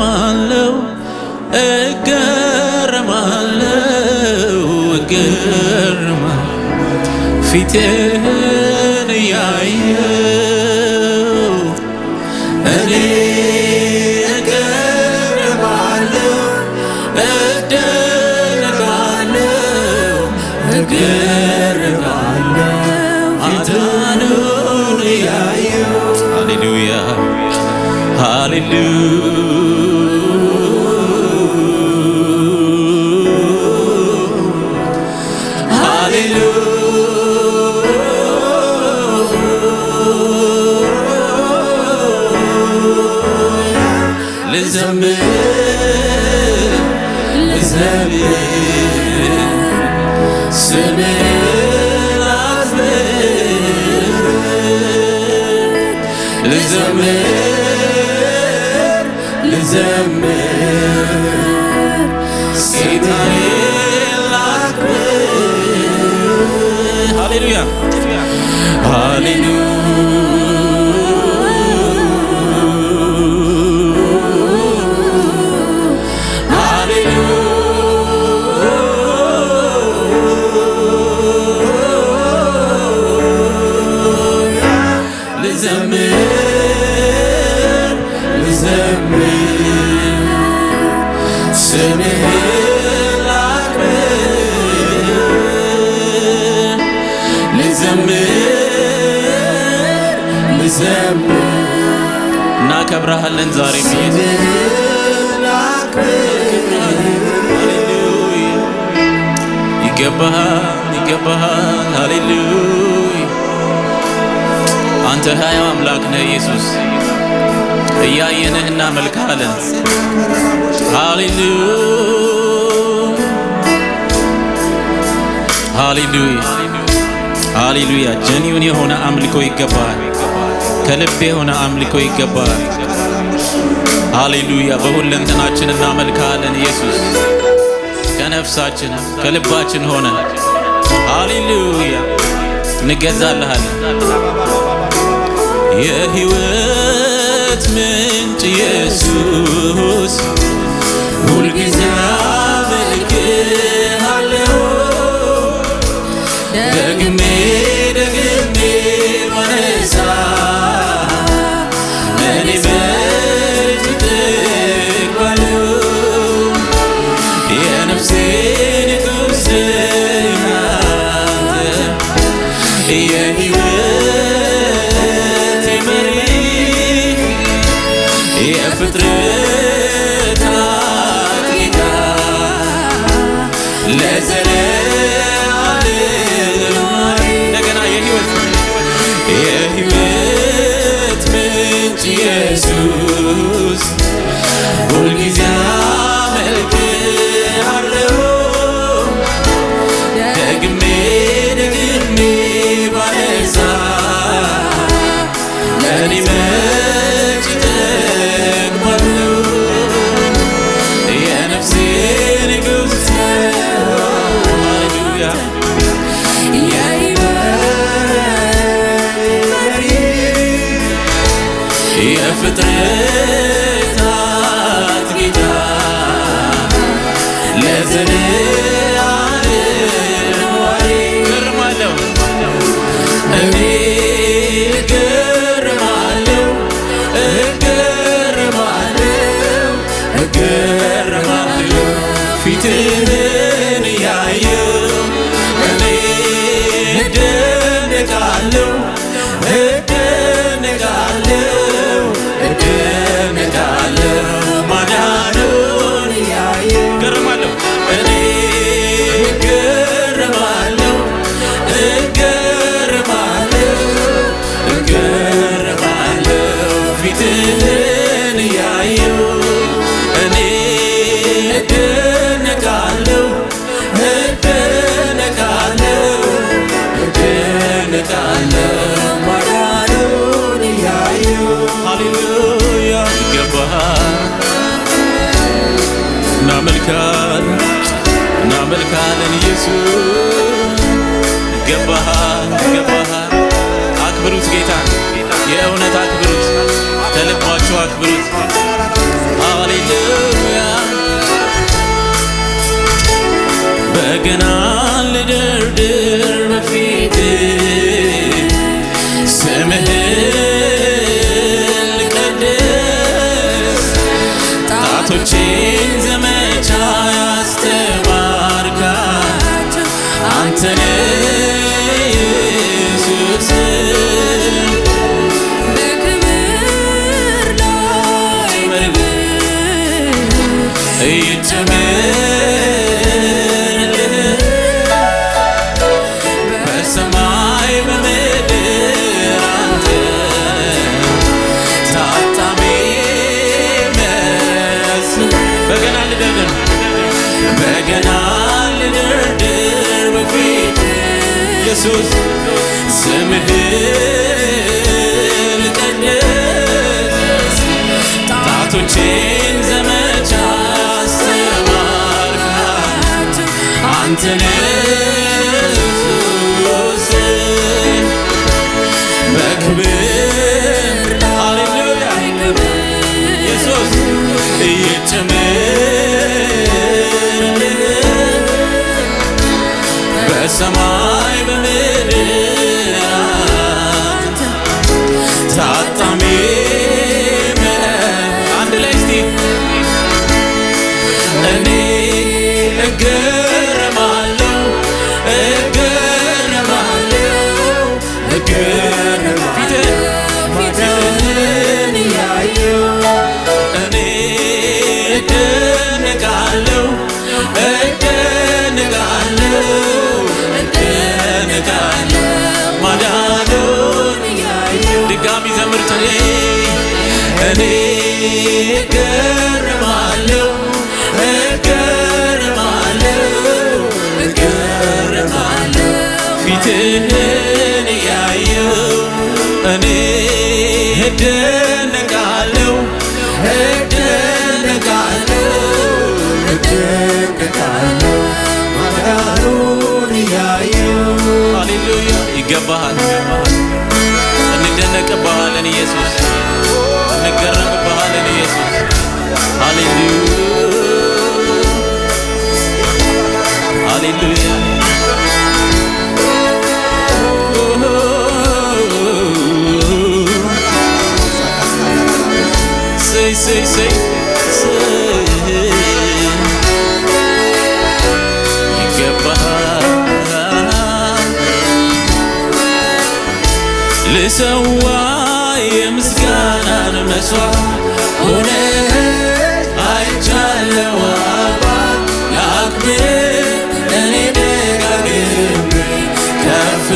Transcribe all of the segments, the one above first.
እገረማለሁ እገረማለሁ እገረማለሁ ፊትህን እያየሁ እኔ እገረማለሁ እደነቃለሁ እገረማለሁ ፊትህን እያየሁ ሃሌሉያ ሃሌሉያ ذنبي ذنبي سنين لزمر لزمر سيدي الأكبر هللويا هللويا እንወዳለን ዛሬ ይገባሃል ይገባሃል ሃሌሉያ አንተ ሕያው አምላክ ነህ ኢየሱስ እያየንህ እናመልካለን ሃሌሉያ ሃሌሉያ ሃሌሉያ ጀኒውን የሆነ አምልኮ ይገባል ከልብ የሆነ አምልኮ ይገባል ሃሌሉያ። በሁለንተናችን እናመልካለን ኢየሱስ፣ ከነፍሳችን ከልባችን ሆነ ሃሌሉያ፣ እንገዛልሃለን። የህይወት ምንጭ ኢየሱስ ሁልጊዜ አመልክሃለሁ ደግሜ ገናልድር ድር በፊት ኢየሱስ ስምህል ቀድስ ጣቶቼን ዘመቻ አስተማርካት አንተን በክብር ሃሌሉያ ኢየሱስ እየጨመ በሰማይ በምድር እንገባሃል፣ እንደነቅባሃለን ኢየሱስ፣ እንገረምባሃለን ኢየሱስ። ሃሌሉያ ሃሌሉያ say, say, say. የሰዋ የምስጋናን መስዋ ሆነ አይቻለው አባ ላክብር እኔ ደጋግሜ ከፍ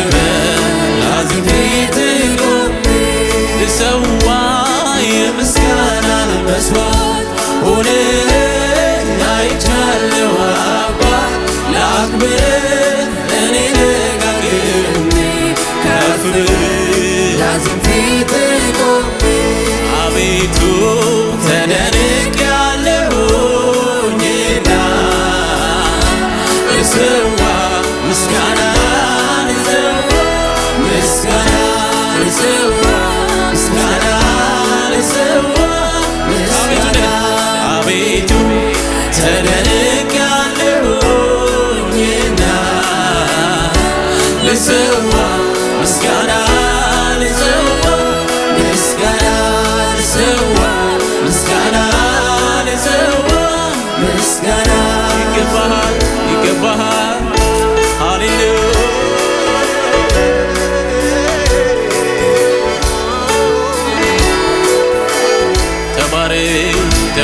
የምስጋናን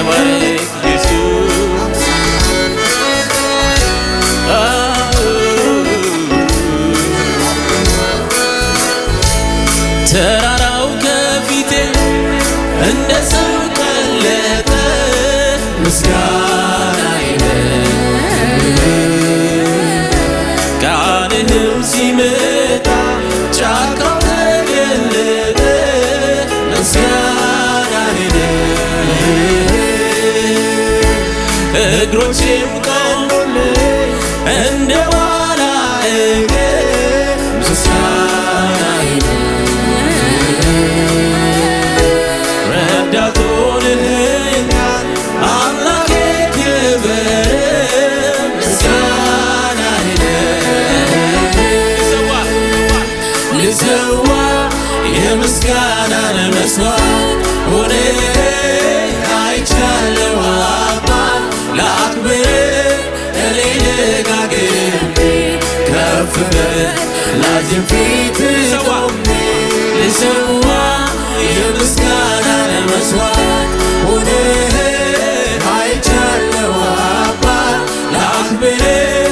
away. የፊት ቆሜ ልሰዋ የምስጋና ለመስዋዕት ሆነህ አይቻለው አባ ላክብርህ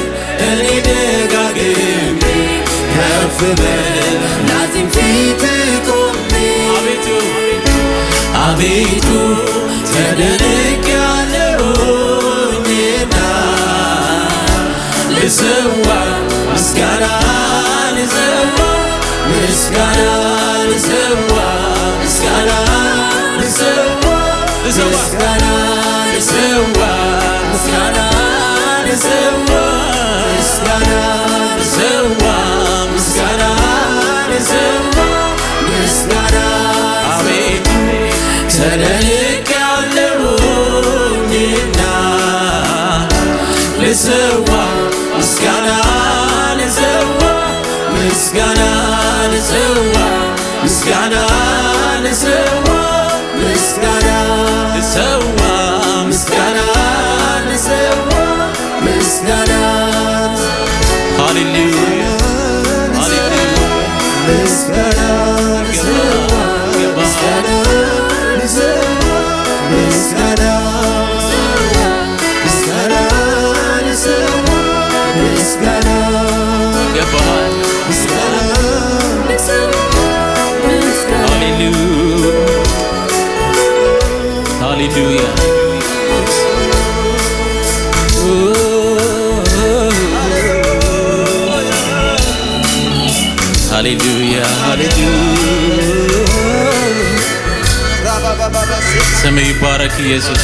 እኔ ደጋግሜ ከፍ ላዚም ፊት ቆሜ አቤቱ ተደንቄያለሁና ልሰ ምስጋና ልሰዋ ምስጋና ምስጋና ምስጋና ምስጋና ምስጋና ምስጋና ምስጋና ምስጋና Ghana. ሃሌሉያ ሃሌሉያ ሃሌሉያ ስም ይባረክ ኢየሱስ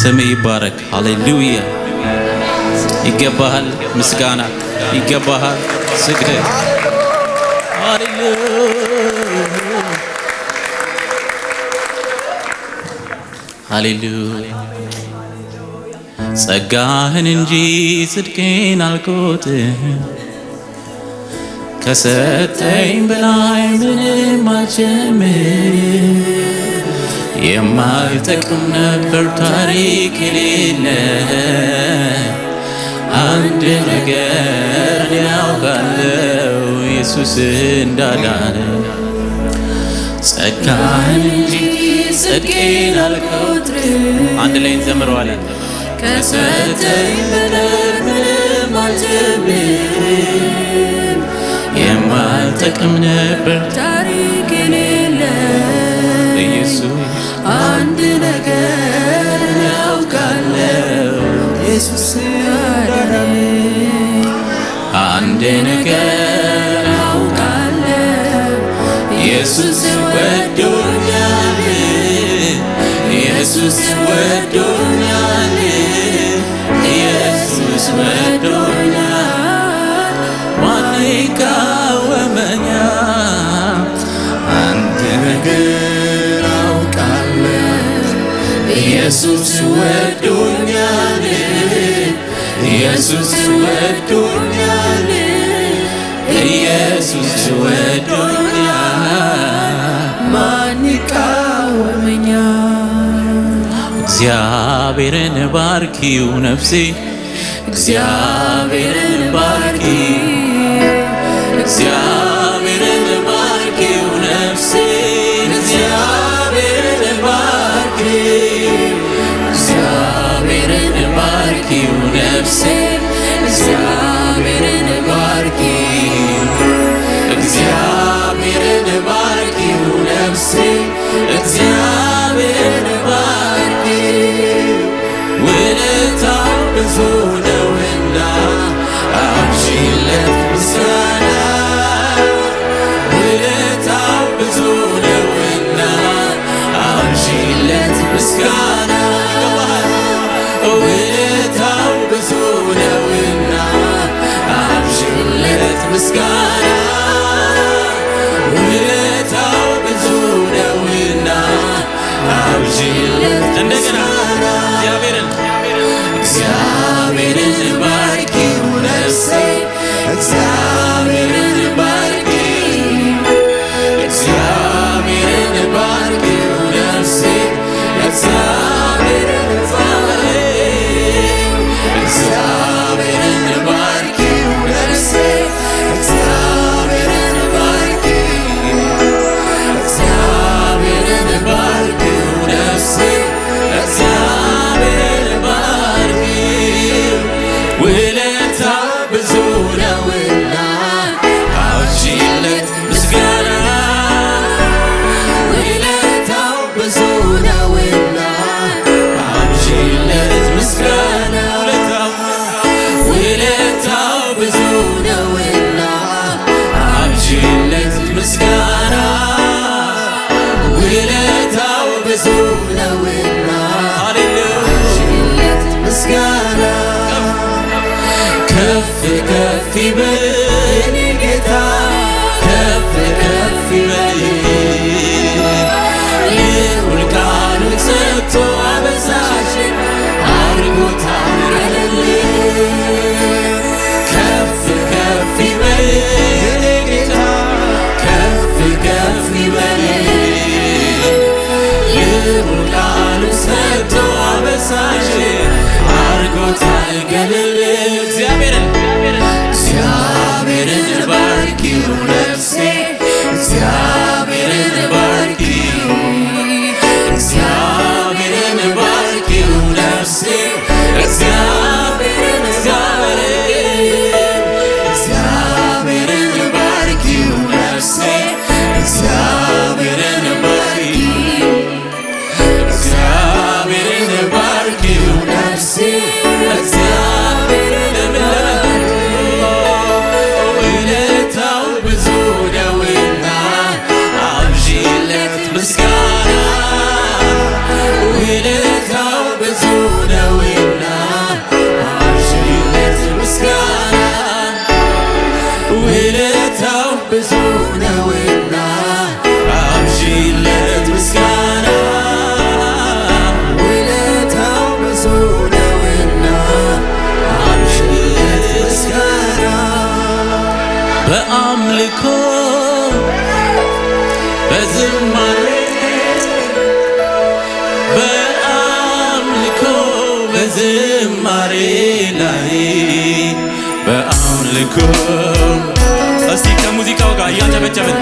ስም ይባረክ ሃሌሉያ ይገባሃል ምስጋና ይገባሃል ስግደት ሃሌሉያ ጸጋህን እንጂ ጽድቄን አልኩት ከሰጠኝ በላይ ምንም አልጀምር የማልጠቅም ነበር ታሪክ የሌለ አንድ ነገር ያውቃለው ኢየሱስ እንዳዳነ ጸጋህን እንጂ ጽድቄን አልቆጥርም። አንድ ላይ እንዘምረዋለን። ከሰጠኝ የማልጠቅም ነበር ታሪክ የሌለ ኢየሱስ አንድ ነገር ያውቃለው ኢየሱስ አንድ ነገር ያውቃለው ኢየሱስ ኢየሱስ ወዶኛል፣ ኢየሱስ ወዶኛል፣ ማን ይቃወመኛል? አንድ ነገር አውቃለሁ፣ ኢየሱስ ወዶኛል፣ ኢየሱስ ወዶኛል እግዚአብሔርን ባርኪው ነፍሴ እግዚአብሔር it. አምልኮ በዝማሬ በአምልኮ በዝማሬ ላይ በአምልኮ እስቲ ከሙዚቃው ጋር እያጨበጨብን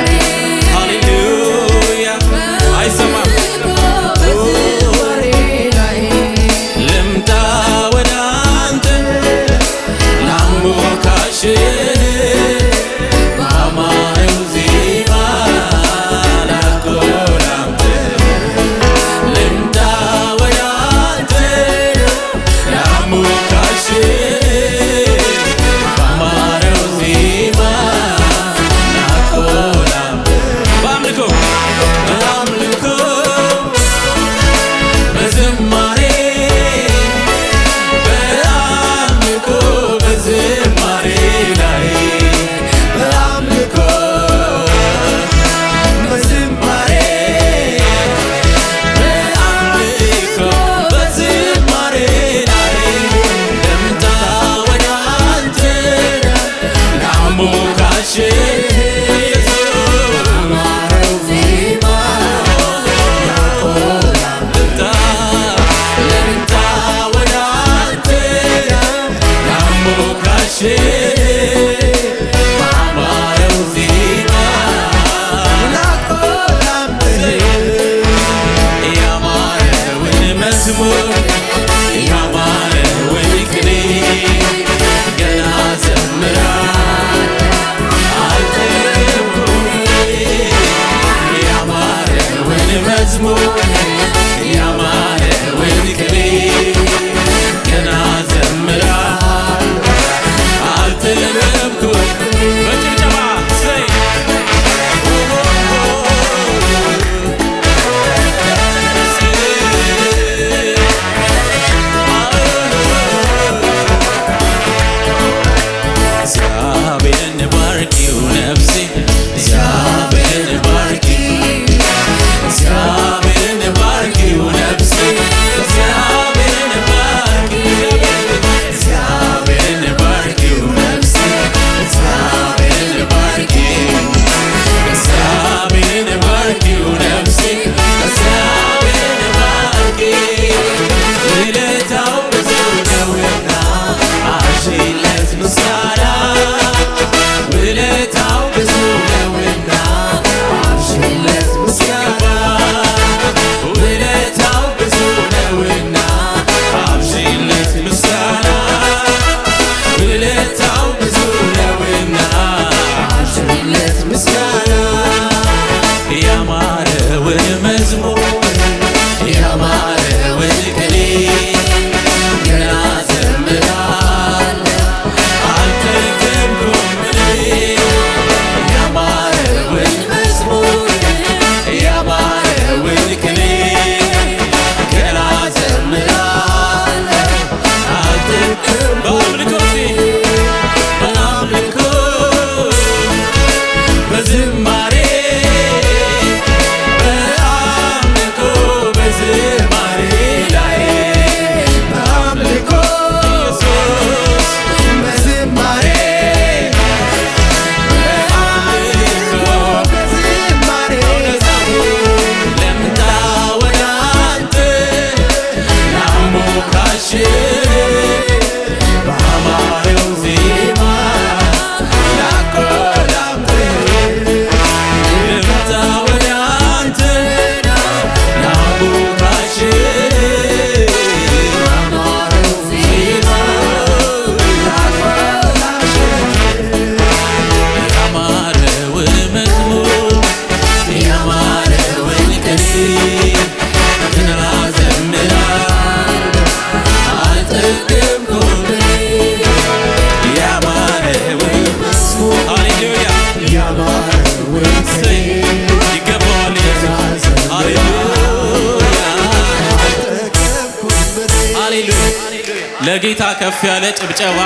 ከፍ ያለ ጭብጨባ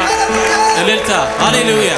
እልልታ፣ ሃሌሉያ